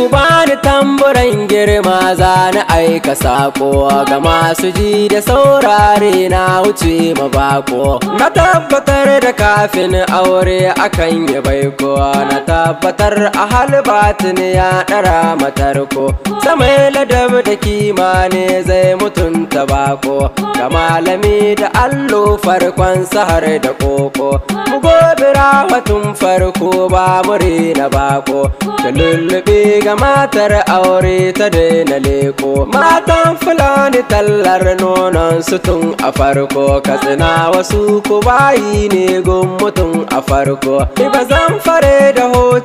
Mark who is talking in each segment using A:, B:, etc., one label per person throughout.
A: ku bani tamburan girma za ni aika sako ga masu ji da saurare na wuce ma bako na tabbatar da kafin aure akan yi baiko na tabbatar a halbatin ya ɗara matarko samai ladab da kima ne zai mutunta bako ga malami da allo farkon sahar da koko mu gobira watun farko ba mure na bako da ga da matar aure ta daina leko matan fulani tallar nonon sutun a farko katsina wasu ku bayi ne gun mutum a farko ba zan fare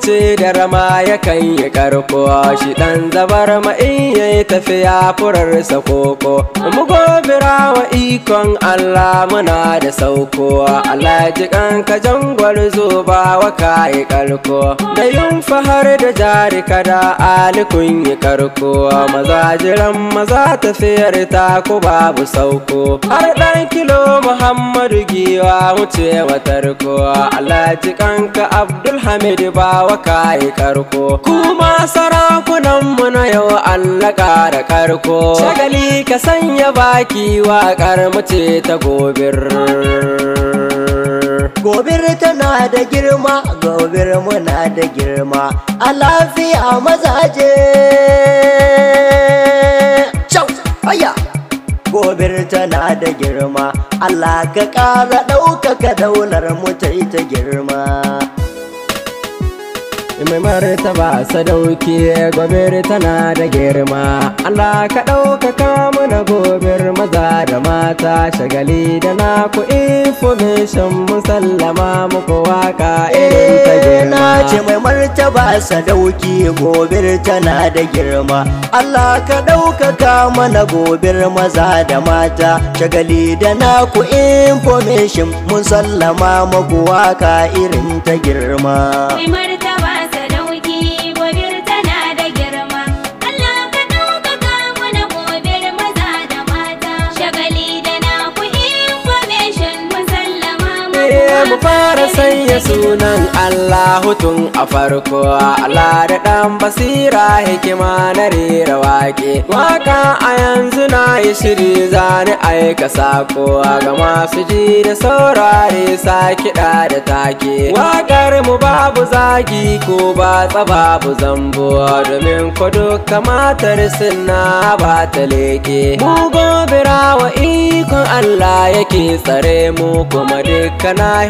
A: ce da rama yakan yi karko shi dan zabar ma in yayi tafiya furar sa koko mu gobira wa ikon Allah muna da sauko Allah ji kan ka jangwar zuba wa kai karko da yin fahar da jari kada alikun yi karko maza jiran maza tafiyar ta ku babu sauko har dan kilo Muhammadu giwa wuce wa tarko Allah ji kanka Abdulhamid wa kai karko kuma sarakunan mu na yau Allah da karko shagali ka sanya baki waƙar mu ce ta gobir gobir tana da
B: girma gobir muna da girma a lafiya mazaje Chau! Aya! gobir tana da girma Allah ka ƙara ɗaukaka daular mu ta girma
A: mai martaba sadauki gobir tana da girma Allah ka ɗaukaka mana gobir maza da mata shagali da na ku information musallama muku waka
B: irin ta eh, girma na ce mai martaba sadauki gobir tana da girma Allah ka ɗaukaka mana gobir maza da mata shagali da na ku information musallama muku waka irin ta girma
A: mu fara sanya sunan Allah hutun a farko Allah da ɗan basira hikima na rera wake Waka a yanzu na yi shiri zani aika sako ga masu ji da saurare sa kiɗa da take Wakar mu babu zagi ko ba babu zambo domin ko duka matar suna ba ta leke Mu gobira wa ikon Allah yake tsare mu kuma duka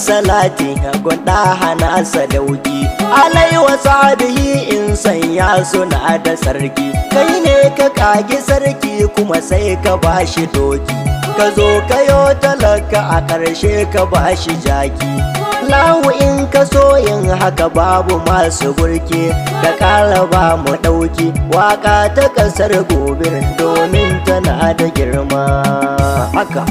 B: salati ga guda hana sadauki alai wa sahabihi in sanya suna da sarki kai ne ka kagi sarki kuma sai ka bashi doki ka zo kayo talaka a karshe ka bashi jaki Allahu in ka so yin haka babu masu burke da kalaba mu ɗauki waka ta ƙasar gobir domin tana da girma haka.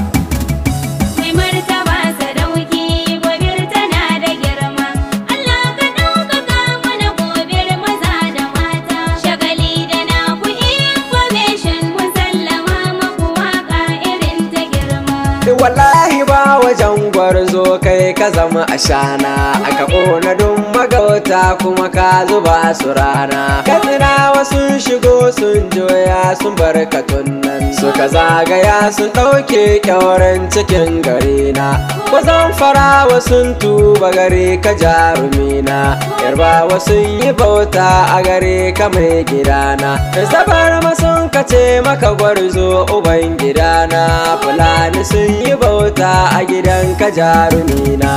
A: wallahi ba wajen gwarzo kai ka zama ashana aka ƙona don magawa ta kuma ka zuba su rana katsirawa sun shigo sun joya sun bar katun nan suka zagaya su ɗauke kyauren cikin gare na kwazon farawa sun tuba gari ka jarumi na. yarba sun yi bauta a gari ka mai gidana zabar masun ka ce maka gwarzo uban na. fulani sun yi bauta a gidan ka jarumi na.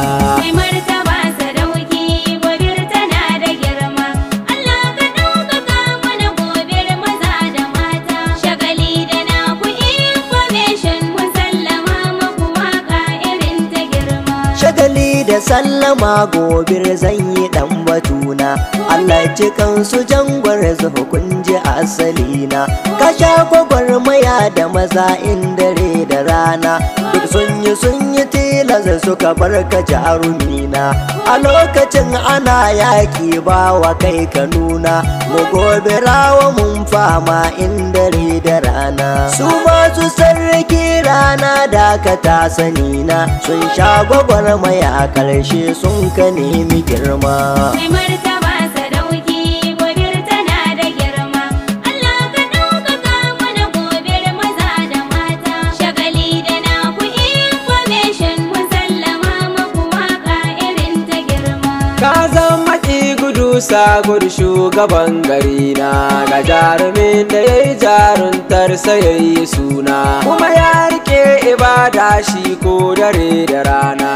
B: Sali da sallama gobir zan yi dan batuna Allah cikan su jangwar su kun asali asalina ka sha gwagwarmaya da maza in dare da rana duk sun yi sun yi tilas suka barka jarumina a lokacin ana yaki bawa kai ka nuna mu gobe rawa mun fama in dare da rana su su sarri rana da ka ta sani na sun sha gwagwarmaya karshe sun ka nemi girma
A: sagur shugaban gari na ga jarumin da yayi yi jaruntar sayayi suna kuma ya rike ibada shi ko dare da rana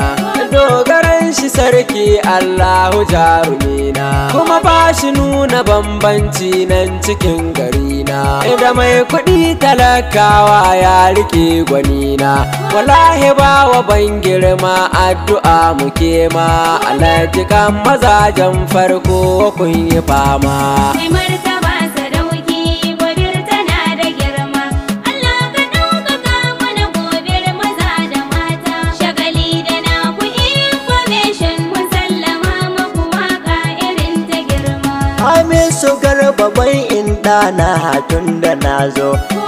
A: dogara shi sarki Allahu jarumina kuma ba shi nuna bambanci nan cikin garina Inda mai kuɗi talakawa ya rike gwanina wallahi ba wa ban girma addu'a muke ma alajikan mazajen farko kun yi fama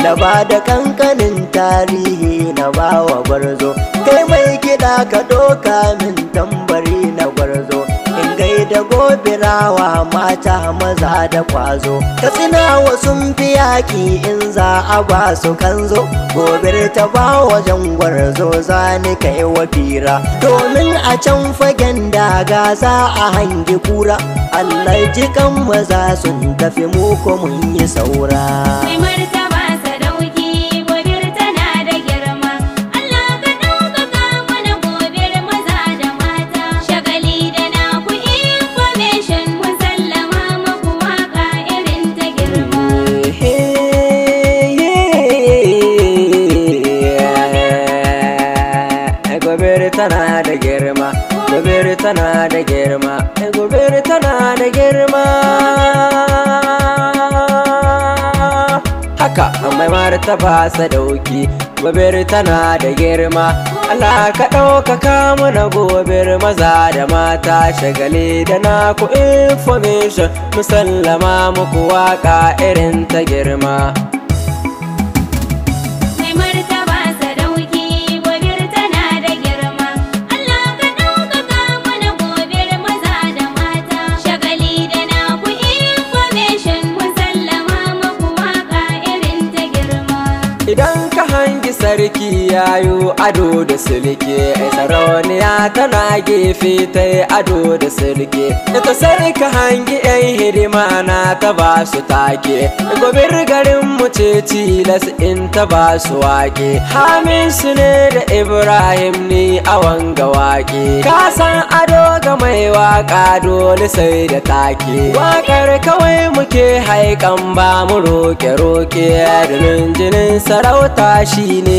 B: na ba da kankanin tarihi na bawa wa gwarzo kai mai gida ka doka min tambari na gwarzo in gaida gobirawa mata maza da kwazo ka tsina wa sun fi yaki in za a ba su kanzo gobir ta ba wajen gwarzo za ni kai wa fira domin a can fagen daga za a hangi kura Allah jikan maza sun tafi muku mun yi saura.
A: ba ta sa dauki gobir tana da girma Allah ka ɗaukaka mana gobir maza da mata shagali da na ku information musallama muku waka irin ta girma sarki yayu ado da sulke sarauniya tana gefe ta yi ado da sulke ita sarki hangi yan hidima na ta ba su take gobir garin mu ce tilas in ta ba su wake hamin su ne da ibrahim ni a wanga wake ka san ado ga mai waka dole sai da take wakar kawai muke haikan ba mu roke roke domin jinin sarauta shine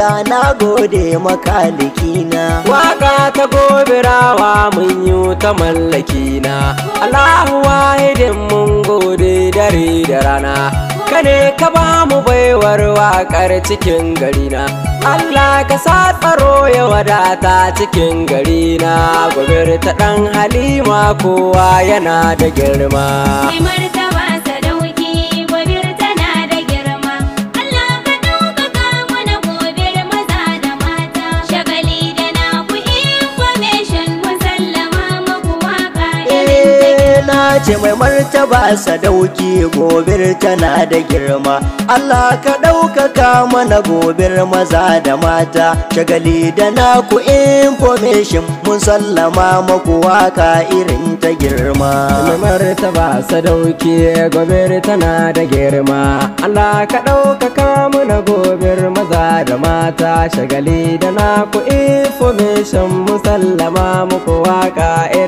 B: sha na gode na.
A: waka ta gobe rawa mun yi ta mallakina Allahu wahidin mun gode dare da rana kane ka ba mu baiwar wakar cikin garina Allah ka sa tsaro ya wadata cikin garina gwamnati ta ɗan halima kowa yana da girma
B: Na ce mai martaba sadauki gobir tana da girma Allah ka ɗaukaka mana gobir maza da mata shagali da naku information mun sallama maku waka irin ta girma mai
A: martaba sadauki gobir tana da girma Allah ka ɗaukaka mana gobir maza da mata shagali da naku information mun sallama muku waka